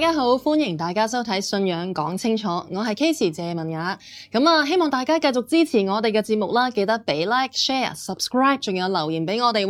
大家好，歡迎大家收睇《信仰講清楚》，我係 Kiss 謝文雅，咁啊，希望大家繼續支持我哋嘅節目啦，記得俾 Like、Share、Subscribe，仲有留言俾我哋。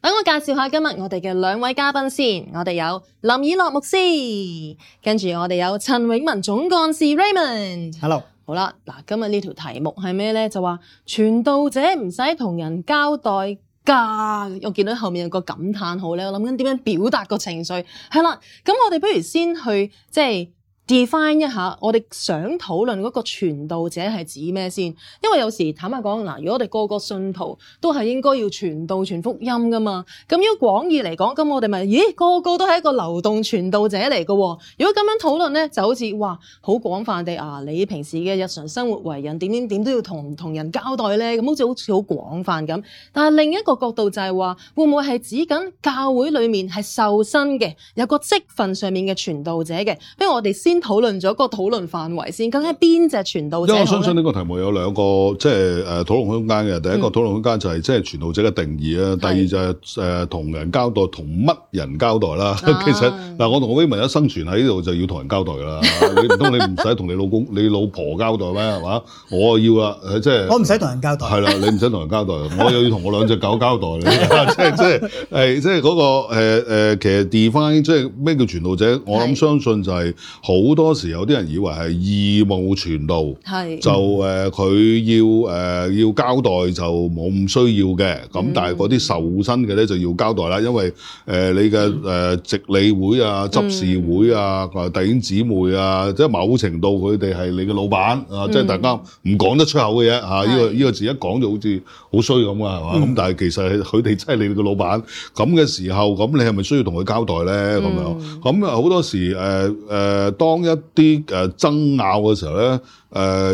等我介紹下今日我哋嘅兩位嘉賓先，我哋有林以樂牧師，跟住我哋有陳永文總幹事 Raymond。Hello，好啦，嗱，今日呢條題目係咩呢？就話傳道者唔使同人交代。噶，我見到後面有個感嘆號咧，我諗緊點樣表達個情緒，係啦，咁，我哋不如先去，即係。試翻一下，我哋想討論嗰個傳道者係指咩先？因為有時坦白講嗱，如果我哋個個信徒都係應該要傳道傳福音噶嘛，咁如果廣義嚟講，咁我哋咪咦個個都係一個流動傳道者嚟噶？如果咁樣討論咧，就好似哇好廣泛地啊，你平時嘅日常生活為人點點點都要同唔同人交代咧，咁好似好似好廣泛咁。但係另一個角度就係、是、話會唔會係指緊教會裏面係受身嘅有個職份上面嘅傳道者嘅？不如我哋先。討論咗個討論範圍先，究竟邊隻傳道者？因為我相信呢個題目有兩個即係誒討論空間嘅。第一個討論空間就係即係傳道者嘅定義啊。第二就係誒同人交代，同乜人交代啦？其實嗱，我同我居民一生存喺呢度就要同人交代㗎啦。你唔通你唔使同你老公、你老婆交代咩？係嘛？我啊要啦，即係我唔使同人交代。係啦，你唔使同人交代，我又要同我兩隻狗交代。你，即係即係誒，即係嗰個誒其實 define 即係咩叫傳道者？我諗相信就係好。好多時候有啲人以為係義務傳道，係是就誒佢、呃、要誒、呃、要交代就冇咁需要嘅，咁、嗯、但係啲受薪嘅咧就要交代啦，因為誒、呃、你嘅誒值理會啊、執事會啊、或、嗯、弟兄姊妹啊，即係某程度佢哋係你嘅老闆、嗯、啊，即係大家唔講得出口嘅嘢嚇，呢是、啊呢個呢、呢個字一講、嗯、就好似好衰咁啊，係、嗯、嘛？咁但係其實佢哋真係你哋嘅老闆，咁嘅時候咁你係咪需要同佢交代咧？咁樣咁啊好、嗯、11: 當多時誒誒。當、嗯。當一啲誒爭拗嘅時候咧，誒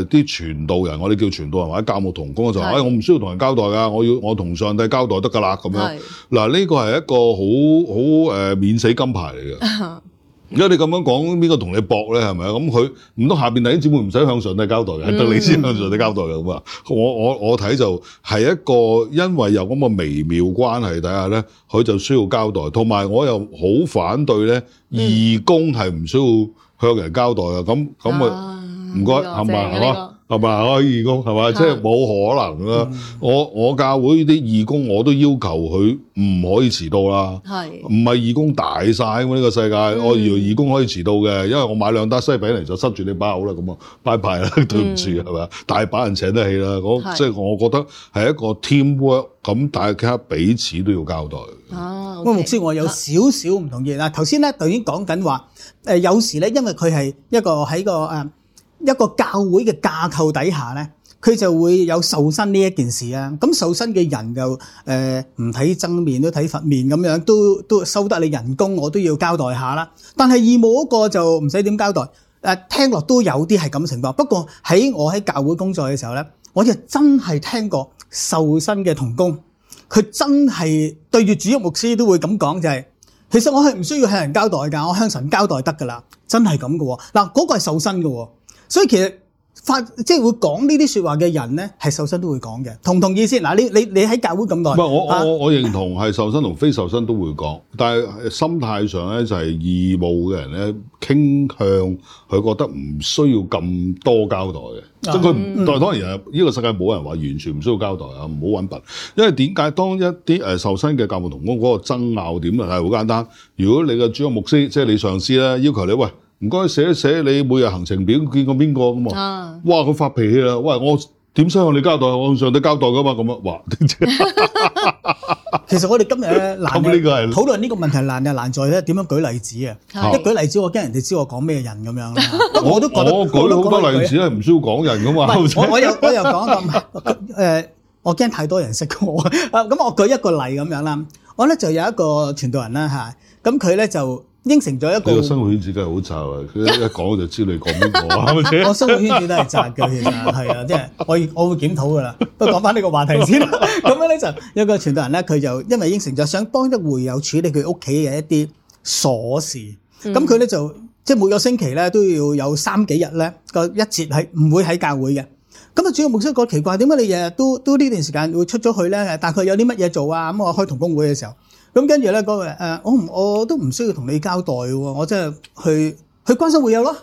啲傳道人，我哋叫傳道人或者教牧同工就話，誒我唔需要同人交代噶，我要我同上帝交代得㗎啦。咁樣嗱，呢個係一個好好誒免死金牌嚟嘅。而家你咁樣講，邊個同你搏咧？係咪啊？咁佢唔通下邊弟兄姊妹唔使向上帝交代嘅，得你先向上帝交代嘅咁啊？我我我睇就係一個因為有咁個微妙關係底下咧，佢就需要交代。同埋我又好反對咧，義工係唔需要。向人交代那那就啊！咁咁啊，唔該，係咪，係嘛？係嘛？我義工係嘛？即係冇可能啦！我我教會啲義工我都要求佢唔可以遲到啦。係唔係義工大晒咁？呢個世界我以為義工可以遲到嘅，因為我買兩打西餅嚟就塞住你把口啦。咁啊，拜拜啦！對唔住係嘛？大把人請得起啦。即係我覺得係一個 teamwork，咁大家彼此都要交代。哦、啊，咁目視我有少少唔同意。嗱、嗯，頭先咧已經講緊話，誒、嗯、有時咧，因為佢係一個喺個誒。一個教會嘅架構底下咧，佢就會有受薪呢一件事啊。咁受薪嘅人就誒唔睇僧面都睇佛面咁樣，都都收得你人工，我都要交代下啦。但係義務嗰個就唔使點交代誒，聽落都有啲係咁情況。不過喺我喺教會工作嘅時候咧，我就真係聽過受薪嘅同工，佢真係對住主任牧師都會咁講，就係其實我係唔需要向人交代㗎，我向神交代得㗎啦，真係咁嘅。嗱，嗰個係受薪嘅。所以其實發即係會講呢啲說話嘅人咧，係受薪都會講嘅，同唔同意先？嗱，你你你喺教會咁耐，唔係我我我認同係受薪同非受薪都會講，但係心態上咧就係義務嘅人咧傾向佢覺得唔需要咁多交代嘅，嗯、即係佢唔代當然呢個世界冇人話完全唔需要交代啊，唔好揾笨。因為點解當一啲誒受薪嘅教務同工嗰、那個爭拗點咧係好簡單，如果你嘅主要牧師即係你上司咧要求你喂。唔該，寫一寫你每日行程表，見過邊個噶嘛？哇！佢發脾氣啦，喂！我點使向你交代？我向上帝交代噶嘛？咁啊，哇！其實我哋今日咧，討論呢個問題難就難在咧，點樣舉例子啊？一舉例子，我驚人哋知我講咩人咁樣。我都我舉好多例子，係唔需要講人噶嘛？我我又我又講咁誒，我驚太多人識我啊！咁我舉一個例咁樣啦，我咧就有一個傳道人啦嚇，咁佢咧就。應承咗一個，你個生活圈子梗係好窄啊！佢 一講就知你講邊個， 我生活圈子都係窄嘅。原來係啊，即係我我會檢討噶啦。不過講翻呢個話題先，咁 樣咧就有一個傳道人咧，佢就因為應承咗，想幫一會友處理佢屋企嘅一啲鎖匙。咁佢咧就即係每個星期咧都要有三幾日咧個一節係唔會喺教會嘅。咁啊，主牧師覺得奇怪，點解你日日都都呢段時間會出咗去咧？但係佢有啲乜嘢做啊？咁我開同工會嘅時候。咁跟住咧，嗰位誒，我唔我都唔需要同你交代喎，我即係去去關心會友咯。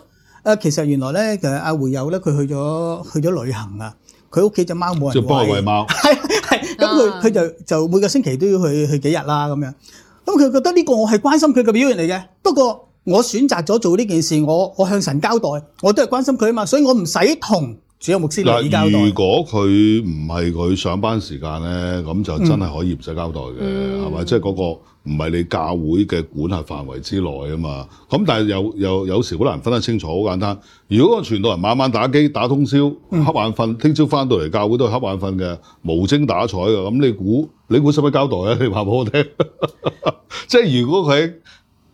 誒，其實原來咧，其實阿會友咧，佢去咗去咗旅行啊，佢屋企隻貓冇人，就幫佢餵貓。係係，咁佢佢就就每個星期都要去去幾日啦咁樣。咁佢覺得呢個我係關心佢嘅表現嚟嘅。不過我選擇咗做呢件事，我我向神交代，我都係關心佢啊嘛，所以我唔使同。主要牧師嗱，如果佢唔係佢上班時間咧，咁、嗯、就真係可以唔使交代嘅，係咪、嗯？即係嗰個唔係你教會嘅管轄範圍之內啊嘛。咁但係又又有時好難分得清楚，好簡單。如果個傳道人晚晚打機打通宵，瞌眼瞓，聽朝返到嚟教會都係瞌眼瞓嘅，無精打采嘅，咁你估你估使乜交代啊？你話俾我，我聽， 即係如果佢。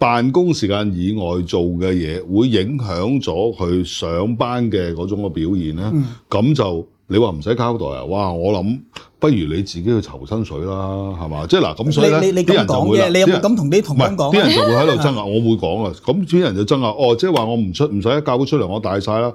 辦公時間以外做嘅嘢會影響咗佢上班嘅嗰種表現咧，咁、嗯、就你話唔使交代啊？哇！我諗不如你自己去籌薪水啦，係嘛？即係嗱咁所以你你啲人就會啦，同係唔係啲人就會喺度爭啊！ 我會講啊，咁啲人就爭啊哦，即係話我唔出唔使教佢出嚟，我大晒啦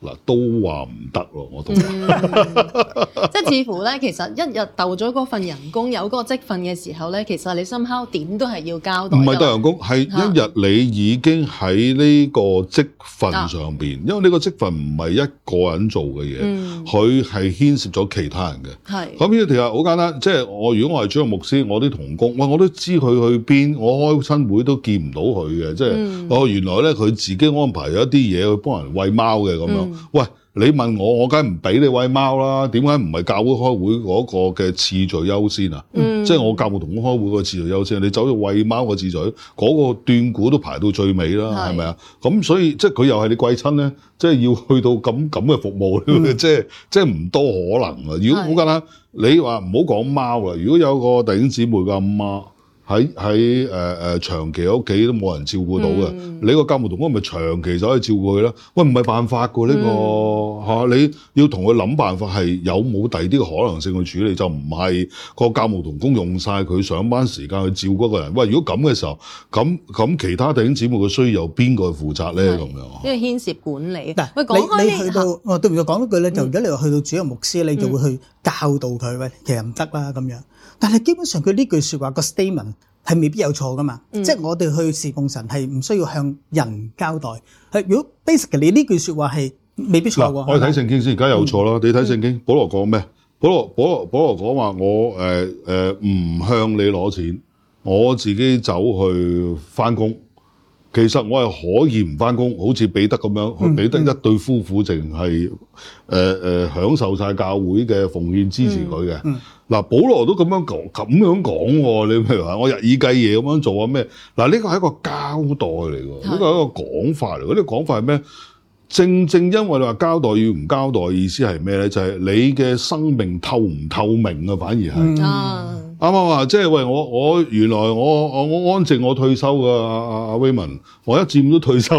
嗱，都話唔得咯，我都、嗯。 即係似乎咧，其實一日鬥咗嗰份人工、啊、有嗰個職份嘅時候咧，其實你心口點都係要交代。唔係得人工，係是一日你已經喺呢個職份上邊，啊、因為呢個職份唔係一個人做嘅嘢，佢係、嗯、牽涉咗其他人嘅。係咁是，呢條啊好簡單，即係我如果我係主任牧師，我啲同工，喂，我都知佢去邊，我開親會都見唔到佢嘅，嗯、即係哦，原來咧佢自己安排咗一啲嘢去幫人餵貓嘅咁樣、嗯，喂。你問我，我梗係唔俾你餵貓啦。點解唔係教會開會嗰個嘅次序優先啊？即係我教會同工開會個次序優先，嗯、優先你走咗餵貓個次序，嗰、那個段骨都排到最尾啦，係咪啊？咁所以即係佢又係你貴親咧，即係要去到咁咁嘅服務，嗯、即係即係唔多可能啊！如果好簡單，你話唔好講貓啦，如果有個弟兄姊妹嘅阿媽。喺喺誒誒長期屋企都冇人照顧到嘅，嗯、你個教務同工係咪長期就可以照顧佢啦？喂，唔係辦法噶呢個嚇，你要同佢諗辦法係有冇第二啲嘅可能性去處理，就唔係個教務同工用晒佢上班時間去照顧嗰個人。喂，如果咁嘅時候，咁咁其他弟兄姊妹嘅需要由邊個去負責咧？咁樣因為牽涉管理嗱，喂講開、這個、你你去到啊、嗯哦、對唔住，講多句咧，就如果你話去到主任牧師，你就會去教導佢，喂，其實唔得啦咁樣。但係基本上佢呢句説話個 statement 係未必有錯㗎嘛，嗯、即係我哋去侍奉神係唔需要向人交代。係如果 basically 呢句説話係未必錯我我睇聖經先，而家有錯啦、嗯吧。你睇聖經、嗯保，保羅講咩？保羅保羅保羅講話我誒誒唔向你攞錢，我自己走去返工。其實我係可以唔翻工，好似彼得咁樣，彼得一對夫婦淨係誒誒享受晒教會嘅奉獻支持佢嘅。嗱、嗯，嗯、保羅都咁樣講，咁樣講喎。你譬如話，我日以繼夜咁樣做啊咩？嗱，呢、這個係一個交代嚟喎，呢、這個係一個講法嚟。嗰啲講法係咩？正正因為你話交代與唔交代，意思係咩咧？就係、是、你嘅生命透唔透明啊，反而係。嗯啊啱唔啱啊？即係喂，我我原來我我我安靜，我退休噶阿啊 Raymond 我一箭都退休。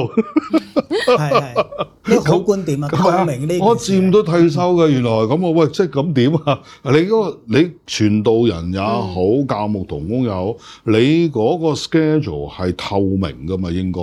係係。呢個好觀點啊，透明呢？我佔到退休嘅，原來咁啊，喂，即係咁點啊？你嗰個你傳道人也好，教牧同工又好，你嗰個 schedule 係透明嘅嘛？應該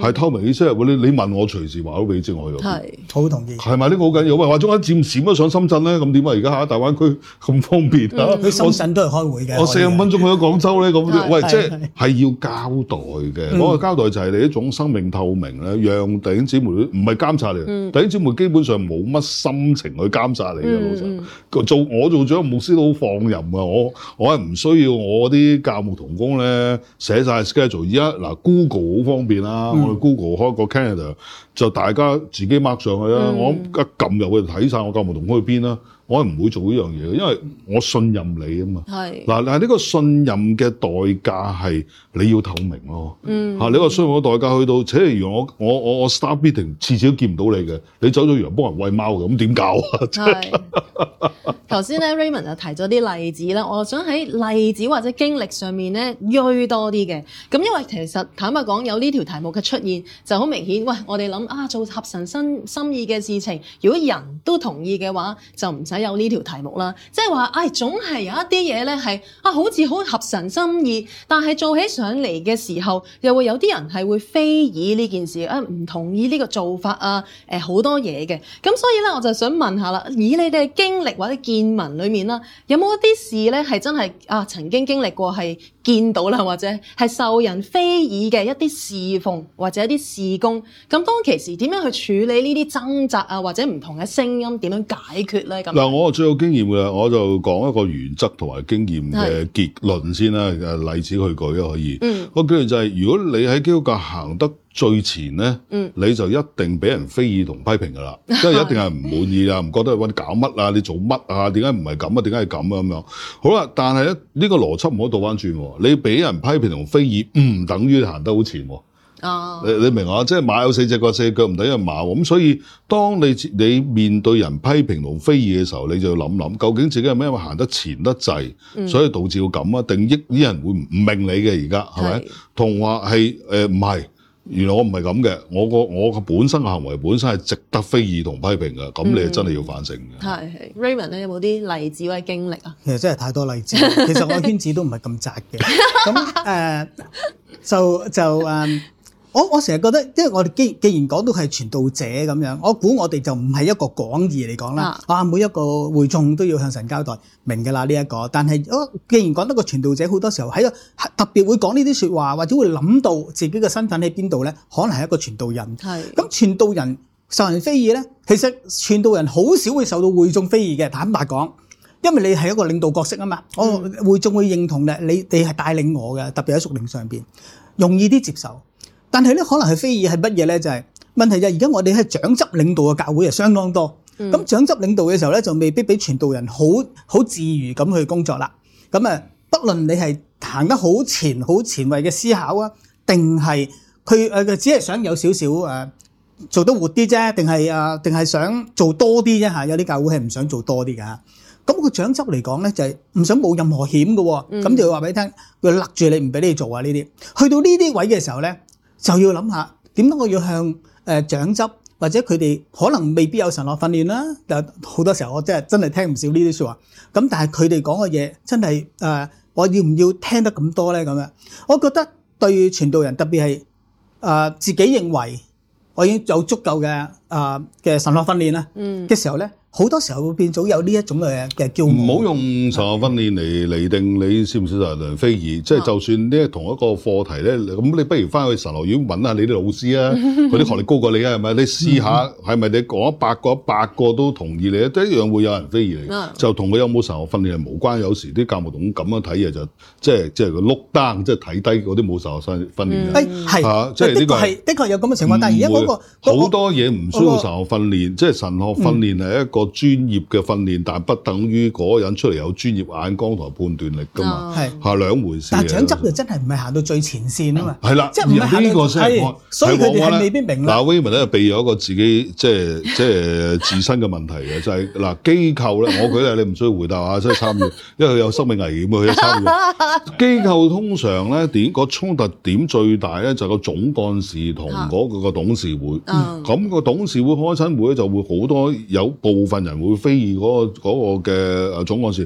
係透明，即係。你你問我隨時話都俾你知我有。係好同意。係咪呢個好緊要？喂，話中間佔閃咗上深圳咧，咁點啊？而家喺大灣區咁方便啊！喺深圳都係開會嘅。我四十五分鐘去咗廣州咧，咁喂，即係係要交代嘅。嗰個交代就係你一種生命透明咧，讓弟兄姊妹唔係監。差嚟，但啲姊基本上冇乜心情去監察你嘅，嗯、老實。做我做咗牧師都好放任㗎，我我係唔需要我啲教牧同工咧寫晒 schedule。而家嗱 Google 好方便啦，啊，嗯、我哋 Google 開個 Calendar 就大家自己 mark 上去啦，啊。嗯、我一撳入去睇晒我教牧同工去邊啦，啊。我係唔會做呢樣嘢嘅，因為我信任你啊嘛。係嗱嗱，呢個信任嘅代價係你要透明咯、啊。嗯嚇、啊，你個信任嘅代價去到，且如我我我我 start meeting 次次都見唔到你嘅，你走咗完幫人喂貓嘅，咁點搞啊？係頭先是咧 ，Raymond 就提咗啲例子啦，我想喺例子或者經歷上面咧，鋥多啲嘅。咁因為其實坦白講，有呢條題目嘅出現就好明顯。喂，我哋諗啊，做合神心心意嘅事情，如果人都同意嘅話，就唔使。有呢條題目啦，即係話，唉、哎，總係有一啲嘢呢，係啊，好似好合神心意，但係做起上嚟嘅時候，又會有啲人係會非議呢件事，啊，唔同意呢個做法啊，誒、啊，好多嘢嘅，咁所以呢，我就想問下啦，以你哋嘅經歷或者見聞裏面啦，有冇一啲事呢係真係啊，曾經經歷過係？.見到啦，或者係受人非議嘅一啲侍奉或者一啲事工，咁當其時點樣去處理呢啲掙扎啊，或者唔同嘅聲音點樣解決咧？咁嗱，我最有經驗嘅，我就講一個原則同埋經驗嘅結論先啦。是例子去舉可以，個結論就係、是、如果你喺基督教行得，最前咧，嗯、你就一定俾人非議同批評噶啦，即係一定係唔滿意啊，唔 覺得你搞乜啊，你做乜啊，點解唔係咁啊，點解係咁啊咁樣。好啦，但係咧，呢個邏輯唔可以倒翻轉，你俾人批評同非議唔、嗯、等於行得好前喎、啊。哦，你你明啊？即係馬有四隻腳四隻腳唔等於馬咁，所以當你你面對人批評同非議嘅時候，你就要諗諗究竟自己係咩因行得前得滯，嗯、所以導致到咁啊？定益啲人會唔明你嘅而家係咪？同話係誒唔係？是原來我唔係咁嘅，我個我個本身行為本身係值得非議同批評嘅，咁你係真係要反省嘅。係係、嗯、Raymond 咧有冇啲例子或者經歷啊？其實真係太多例子， 其實我圈子都唔係咁窄嘅。咁誒、 uh, 就就誒。Um, 我我成日覺得，因為我哋既既然講到係傳道者咁樣，我估我哋就唔係一個廣義嚟講啦。啊，每一個會眾都要向神交代，明㗎啦呢一個。但係，我既然講得個傳道者，好多時候喺特別會講呢啲説話，或者會諗到自己嘅身份喺邊度咧，可能係一個傳道人。係咁，傳道人受人非議咧，其實傳道人好少會受到會眾非議嘅。坦白講，因為你係一個領導角色啊嘛，我會眾會認同嘅，你你係帶領我嘅，特別喺屬靈上邊容易啲接受。但係咧，可能係非議係乜嘢咧？就係、是、問題就係而家我哋係長執領導嘅教會係相當多，咁長執領導嘅時候咧，就未必俾傳道人好好自如咁去工作啦。咁啊，不論你係行得好前好前衛嘅思考啊，定係佢誒只係想有少少誒、呃、做得活啲啫，定係啊？定、呃、係想做多啲啫？吓，有啲教會係唔想做多啲噶。咁、那個長執嚟講咧，就係、是、唔想冇任何險嘅，咁、嗯、就話俾你聽，佢勒住你，唔俾你,你做啊！呢啲去到呢啲位嘅時候咧。就要諗下點解我要向誒長、呃、執或者佢哋可能未必有神學訓練啦，但好多時候我真係真係聽唔少呢啲説話。咁但係佢哋講嘅嘢真係誒、呃，我要唔要聽得咁多咧？咁樣，我覺得對傳道人特別係誒自己認為我已經有足夠嘅。啊嘅神學訓練咧嘅時候咧，好多時候會變咗有呢一種嘅嘅叫唔好用神學訓練嚟嚟定你消唔消失啊非議，即係就算呢同一個課題咧，咁你不如翻去神學院揾下你啲老師啊，佢啲學歷高過你啊，係咪？你試下係咪你講一百個一百個都同意你，都一樣會有人非議你。就同佢有冇神學訓練係無關。有時啲教牧同咁樣睇嘢就即係即係佢碌單，即係睇低嗰啲冇神學訓訓練即係呢確係的確有咁嘅情況，但係而家嗰個好多嘢唔。做神學訓練，即係神學訓練係一個專業嘅訓練，嗯、但係不等於嗰個人出嚟有專業眼光同判斷力㗎嘛，係嚇、嗯、兩回事，但係長執就真係唔係行到最前線啊嘛，係啦、嗯，即係呢個先，所以佢係未必明㗎。嗱，Weiman 咧避咗個自己，即係即係自身嘅問題嘅，就係嗱機構咧，我舉例你唔需要回答啊，真係差唔多，因為佢有生命危險啊，佢一參與。機構通常咧點、嗰個衝突點最大咧，就個、係、總幹事同嗰個董事會，咁個董事。嗯嗯事會開親會就會好多有部分人會非議嗰個嗰個嘅總幹事，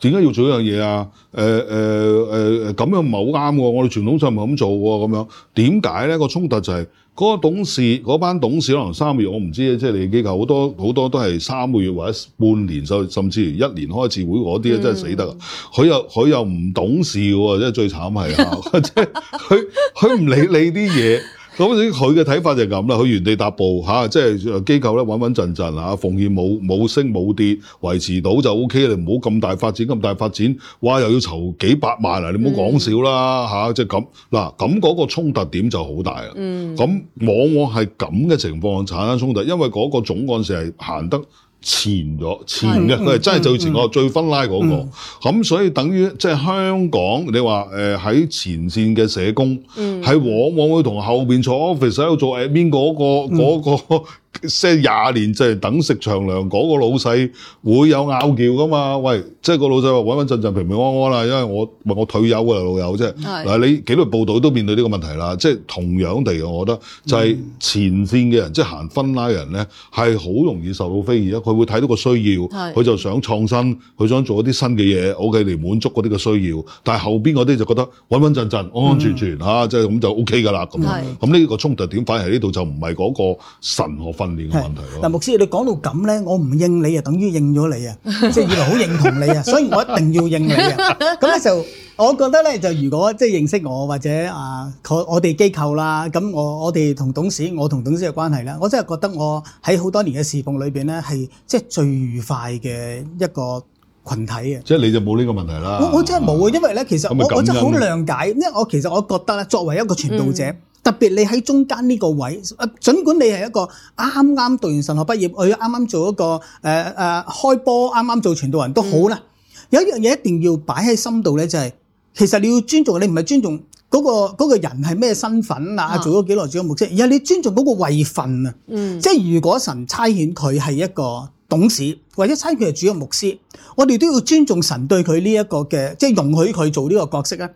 點解要做一樣嘢啊？誒誒誒咁樣唔係好啱喎！我哋傳統上唔係咁做喎，咁樣點解咧？個衝突就係嗰個董事嗰班董事可能三個月，我唔知即係你機構好多好多都係三個月或者半年，甚至一年開一次會嗰啲咧，真係死得啊！佢又佢又唔懂事喎，即係最慘係啊！佢佢唔理你啲嘢。咁佢嘅睇法就係咁啦，佢原地踏步嚇、啊，即係機構咧穩穩陣陣嚇，奉獻冇冇升冇跌，維持到就 O K 啦，唔好咁大發展咁大發展，哇又要籌幾百萬、啊、啦，你唔好講笑啦嚇，即係咁嗱，咁、啊、嗰個衝突點就好大啊，咁、嗯、往往係咁嘅情況產生衝突，因為嗰個總幹事係行得。前咗前嘅，佢係、嗯、真係最前個、嗯、最分拉嗰、那個，咁、嗯、所以等於即係、就是、香港，你話誒喺前線嘅社工，係、嗯、往往會同後面坐，office 喺度做誒邊嗰個嗰個。即係廿年即係等食長糧嗰、那個老細會有拗撬噶嘛？喂，即係個老細話穩穩陣陣平平安安啦，因為我唔我退休啊老友啫，嗱是，你紀律部隊都面對呢個問題啦，即係同樣地，我覺得就係前線嘅人、嗯、即係行分拉人咧，係好容易受到非議啊！佢會睇到個需要，佢是就想創新，佢想做一啲新嘅嘢 O K 嚟滿足嗰啲嘅需要，但係後邊嗰啲就覺得穩穩陣陣安安全全嚇、嗯啊，即係咁就 O K 噶啦，咁咁呢個衝突點反而喺呢度就唔係嗰個神學訓練嘅問題咯。嗱，牧師，你講到咁咧，我唔應你，就等於應咗你啊！即係原來好認同你啊，所以我一定要應你啊！咁咧就，我覺得咧，就如果即係認識我或者啊，我我哋機構啦，咁我我哋同董事，我同董事嘅關係啦，我真係覺得我喺好多年嘅侍奉裏邊咧，係即係最愉快嘅一個羣體嘅。即係你就冇呢個問題啦。我我真係冇啊，因為咧，其實我我真係好諒解，因為我其實我覺得咧，作為一個傳道者。特別你喺中間呢個位，啊，儘管你係一個啱啱讀完神學畢業，佢啱啱做一個誒誒、呃啊、開波，啱啱做傳道人都好啦。嗯、有一樣嘢一定要擺喺心度咧，就係、是、其實你要尊重，你唔係尊重嗰、嗰個嗰個人係咩身份啊，哦、做咗幾耐主嘅牧師。而係你尊重嗰個位份啊，嗯、即係如果神差遣佢係一個董事，或者差遣佢係主嘅牧師，我哋都要尊重神對佢呢一個嘅，即、就、係、是、容許佢做呢個角色咧。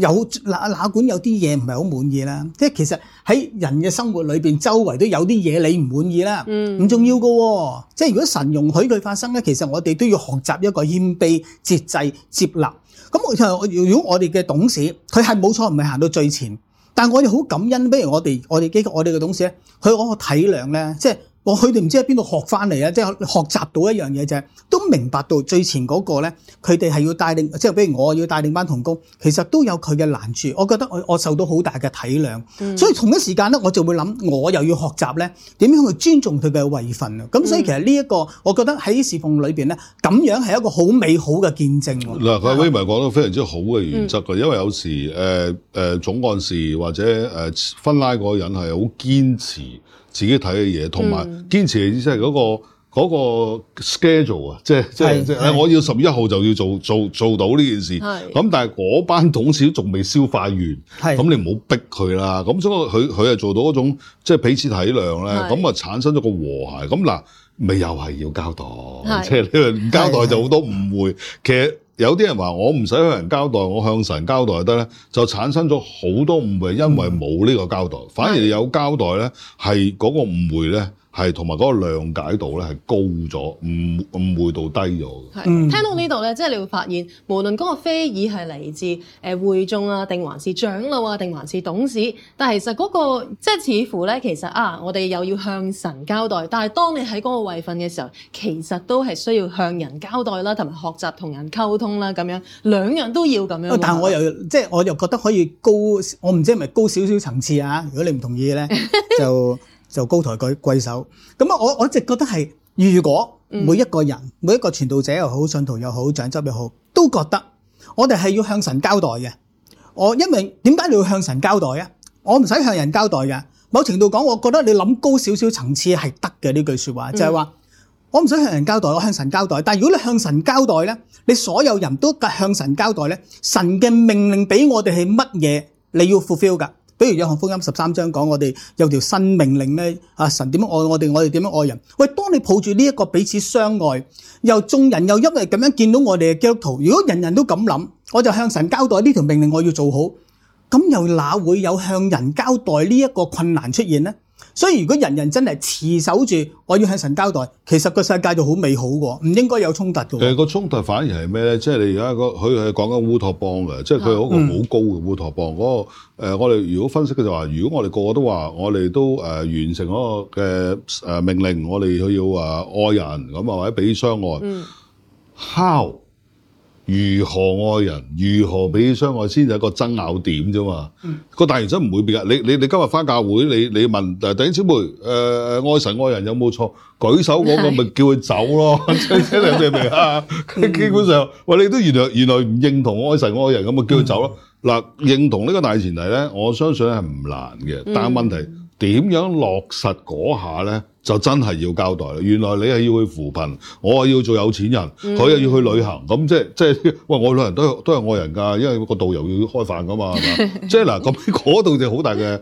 有哪哪，哪管有啲嘢唔係好滿意啦，哦，即係其實喺人嘅生活裏邊，周圍都有啲嘢你唔滿意啦，唔重要噶。即係如果神容許佢發生咧，其實我哋都要學習一個謙卑、節制、接納。咁、嗯、我、嗯、如果我哋嘅董事佢係冇錯，唔係行到最前，但係我哋好感恩，不如我哋我哋機構我哋嘅董事咧，佢嗰個體諒咧，即係。我佢哋唔知喺邊度學翻嚟咧，即係學習到一樣嘢就係都明白到最前嗰、那個咧，佢哋係要帶領，即係比如我要帶領班同工，其實都有佢嘅難處。我覺得我我受到好大嘅體諒，嗯、所以同一時間咧，我就會諗我又要學習咧點樣去尊重佢嘅位份啊！咁所以其實呢、這、一個，我覺得喺侍奉裏邊咧，咁樣係一個好美好嘅見證。嗱、嗯，阿威咪講得非常之好嘅原則嘅，因為有時誒誒、呃呃、總幹事或者誒婚禮嗰個人係好堅持。自己睇嘅嘢，同埋堅持嘅意思係嗰個 schedule 啊、即係，即係即係即係我要十一號就要做做做到呢件事，咁是但係嗰班董事仲未消化完，咁是你唔好逼佢啦。咁所以佢佢係做到嗰種即係、即係、彼此體諒咧，咁啊是產生咗個和諧。咁嗱，咪又係要交代，即係呢個唔交代就好多誤會。其實。有啲人話我唔使向人交代，我向神交代就得咧，就產生咗好多誤會，因為冇呢個交代，反而有交代咧，係嗰個誤會咧。係，同埋嗰個瞭解度咧係高咗，誤誤會度低咗嘅。係，聽到呢度咧，即係你會發現，無論嗰個非議係嚟自誒會、呃、眾啊，定還是長老啊，定還是董事，但係其實嗰、嗰個即係似乎咧，其實啊，我哋又要向神交代，但係當你喺嗰個位份嘅時候，其實都係需要向人交代啦，同埋學習同人溝通啦，咁樣兩樣都要咁樣。但係我又吧即係我又覺得可以高，我唔知係咪高少少層次啊？如果你唔同意咧，就 就高抬貴貴手，咁啊，我我一直覺得係，如果每一個人、每一個傳道者又好、信徒又好、長執又好，都覺得我哋係要向神交代嘅。我因為點解你要向神交代啊？我唔使向人交代嘅。某程度講，我覺得你諗高少少層次係得嘅呢句説話，就係話我唔使向人交代，我向神交代。但係如果你向神交代咧，你所有人都向神交代咧，神嘅命令俾我哋係乜嘢？你要 fulfill 噶。比如約翰福音十三章講，我哋有條新命令咧，阿、啊、神點樣愛我哋，我哋點樣愛人。喂，當你抱住呢一個彼此相愛，又眾人又因為咁樣見到我哋嘅基督徒，如果人人都咁諗，我就向神交代呢條命令我要做好，咁又哪會有向人交代呢一個困難出現呢？所以如果人人真係持守住，我要向神交代，其實個世界就好美好嘅，唔應該有衝突嘅。誒個衝突反而係咩咧？即係你而家個佢佢講緊烏托邦嘅，即係佢嗰個好高嘅烏托邦嗰、啊嗯嗰個、呃、我哋如果分析嘅就話，如果我哋個個都話，我哋都誒完成嗰個嘅誒命令，我哋佢要話愛人咁啊，或者彼此相愛。嗯、How? 如何愛人，如何彼此相愛，先至有一個爭拗點啫嘛。個大原則唔會變噶。你你你今日翻教會，你你問嗱，弟兄姊妹，誒愛神愛人有冇錯？舉手嗰個咪叫佢走咯，聽聽明未啊？基本上，喂，你都原來原來唔認同愛神愛人咁咪叫佢走咯。嗱，認同呢個大前提咧，我相信係唔難嘅。但係問題點樣落實嗰下咧？就真係要交代啦！原來你係要去扶貧，我係要做有錢人，佢又要去旅行，咁、嗯、即係即係喂，我旅行都都係愛人㗎，因為個導遊要開飯㗎嘛，係咪 吧？即係嗱，咁嗰度就好大嘅誒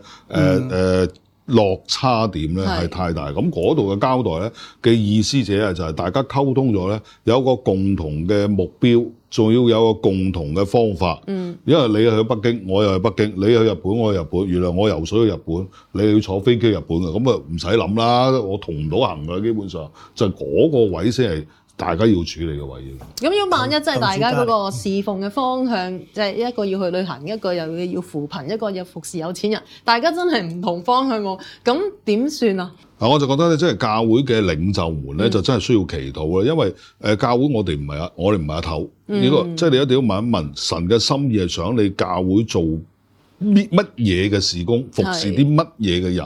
誒落差點咧，係太大。咁嗰度嘅交代咧嘅意思者啊，就係、是、大家溝通咗咧，有個共同嘅目標。仲要有個共同嘅方法，因為你去北京，我又去北京；你去日本，我去日本。原來我游水去日本，你要坐飛機去日本嘅，咁啊唔使諗啦，我同唔到行嘅，基本上就係嗰個位先係。大家要處理嘅位嘅，咁要萬一即係大家嗰個侍奉嘅方向，即係一個要去旅行，一個又要要扶貧，一個要服侍有錢人，大家真係唔同方向喎，咁點算啊？嗱，我就覺得咧，即係教會嘅領袖們咧，就真係需要祈禱喇，嗯、因為誒教會我哋唔係阿我哋唔係阿頭呢個，即係、嗯、你一定要問一問神嘅心意係想你教會做。搣乜嘢嘅事工，服侍啲乜嘢嘅人，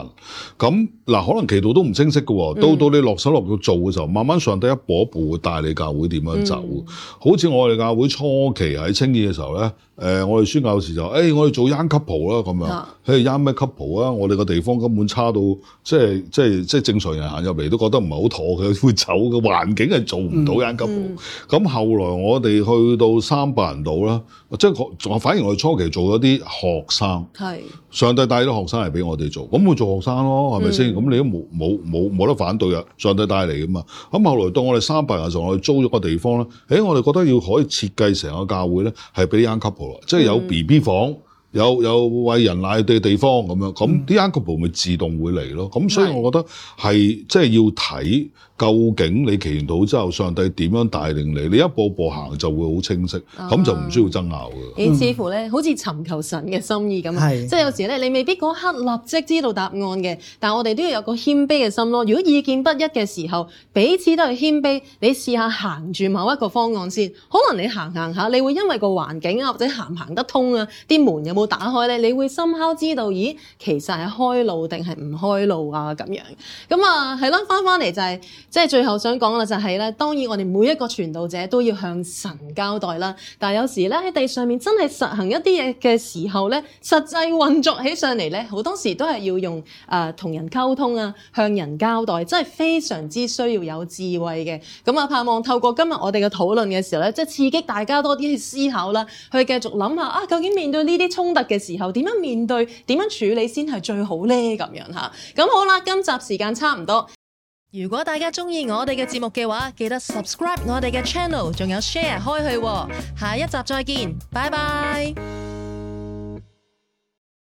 咁嗱的，可能其道都唔清晰嘅喎。到到你落手落到做嘅時候，慢慢上帝一步一步會帶你教會點樣走。嗯、好似我哋教會初期喺青衣嘅時候咧。誒、呃，我哋宣教時就誒、欸，我哋做 young couple 啦，咁樣，young 咩 couple 啊？我哋個地方根本差到，即係即係即係正常人行入嚟都覺得唔係好妥嘅，會走嘅環境係做唔到 young couple。咁後來我哋去到三百人度啦，即係反而我哋初期做咗啲學生，是上帝帶咗學生嚟俾我哋做，咁會做學生咯，係咪先？咁、嗯、你都冇冇冇冇得反對啊？上帝帶嚟㗎嘛。咁後來到我哋三百人時，我哋租咗個地方啦。誒、欸，我哋覺得要可以設計成個教會咧，係俾 young couple。即係有 B B 房。嗯有有為人賴嘅地方咁樣，咁啲恩賜部咪自動會嚟咯。咁所以我覺得係即係要睇究竟你祈禱之後，上帝點樣帶領你，你一步步行就會好清晰，咁就唔需要爭拗嘅。幾似乎咧，好似尋求神嘅心意咁啊，即係有時咧，你未必嗰刻立即知道答案嘅，但我哋都要有個謙卑嘅心咯。如果意見不一嘅時候，彼此都係謙卑，你試下行住某一個方案先，可能你行行下，你會因為個環境啊或者行唔行得通啊，啲門有冇，打開咧，你會深刻知道，咦，其實係開路定係唔開路啊？咁樣，咁啊，係啦翻翻嚟，就係、是，即係最後想講嘅就係、是、咧，當然我哋每一個傳道者都要向神交代啦。但係有時咧，喺地上面真係實行一啲嘢嘅時候咧，實際運作起上嚟咧，好多時都係要用誒同、呃、人溝通啊，向人交代，真係非常之需要有智慧嘅。咁啊，盼望透過今日我哋嘅討論嘅時候咧，即係刺激大家多啲去思考啦，去繼續諗下啊，究竟面對呢啲衝。嘅時候，點樣面對，點樣處理先係最好咧？咁樣吓，咁好啦，今集時間差唔多。如果大家中意我哋嘅節目嘅話，記得 subscribe 我哋嘅 channel，仲有 share 開去哦。下一集再見，拜拜。